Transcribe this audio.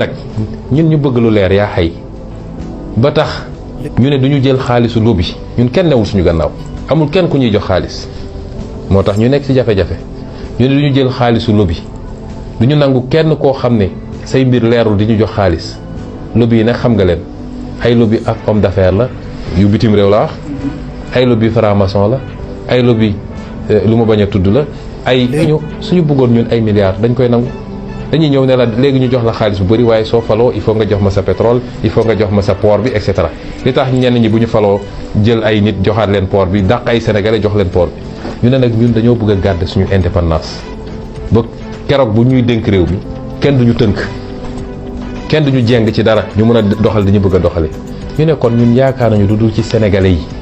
nag ñun ñu bëgg lu leer yaa xëy ba tax ñu ne du ñu jël xaalisu lobby ñun kenn newul suñu gannaaw amul kenn ku ñuy jox xaalis moo tax ñu nekk ci jafe-jafe ñu ne du ñu jël xaalisu lobby du ñu nangu kenn koo xam ne say mbir leerul di ñu jox xaalis lobby yi nag xam nga leen ay lobby ak homme d'affaires la yu bitim réew la wax ay lobby franc la ay lobi euh, lu ma bañ a tudd la ay ñu suñu bëggoon ñun ay milliards dañ koy nangu dañuy ñëw ne la léegi ñu jox la xaalis bu bëri waaye soo faloo il faut nga jox ma sa pétrole il faut nga jox ma sa port bi et cetera li tax ñenn ñi bu ñu faloo jël ay nit joxaat leen port bi dàq ay sénégalais jox leen port bi ñu ne nag ñun dañoo bëgg a suñu indépendance ba keroog bu ñuy dénk réew mi kenn duñu tënk kenn duñu jeng ci dara ñu mën a doxal dañu bëgg a doxale ñu ne kon ñun yaakaar nañu du dul ci sénégalais yi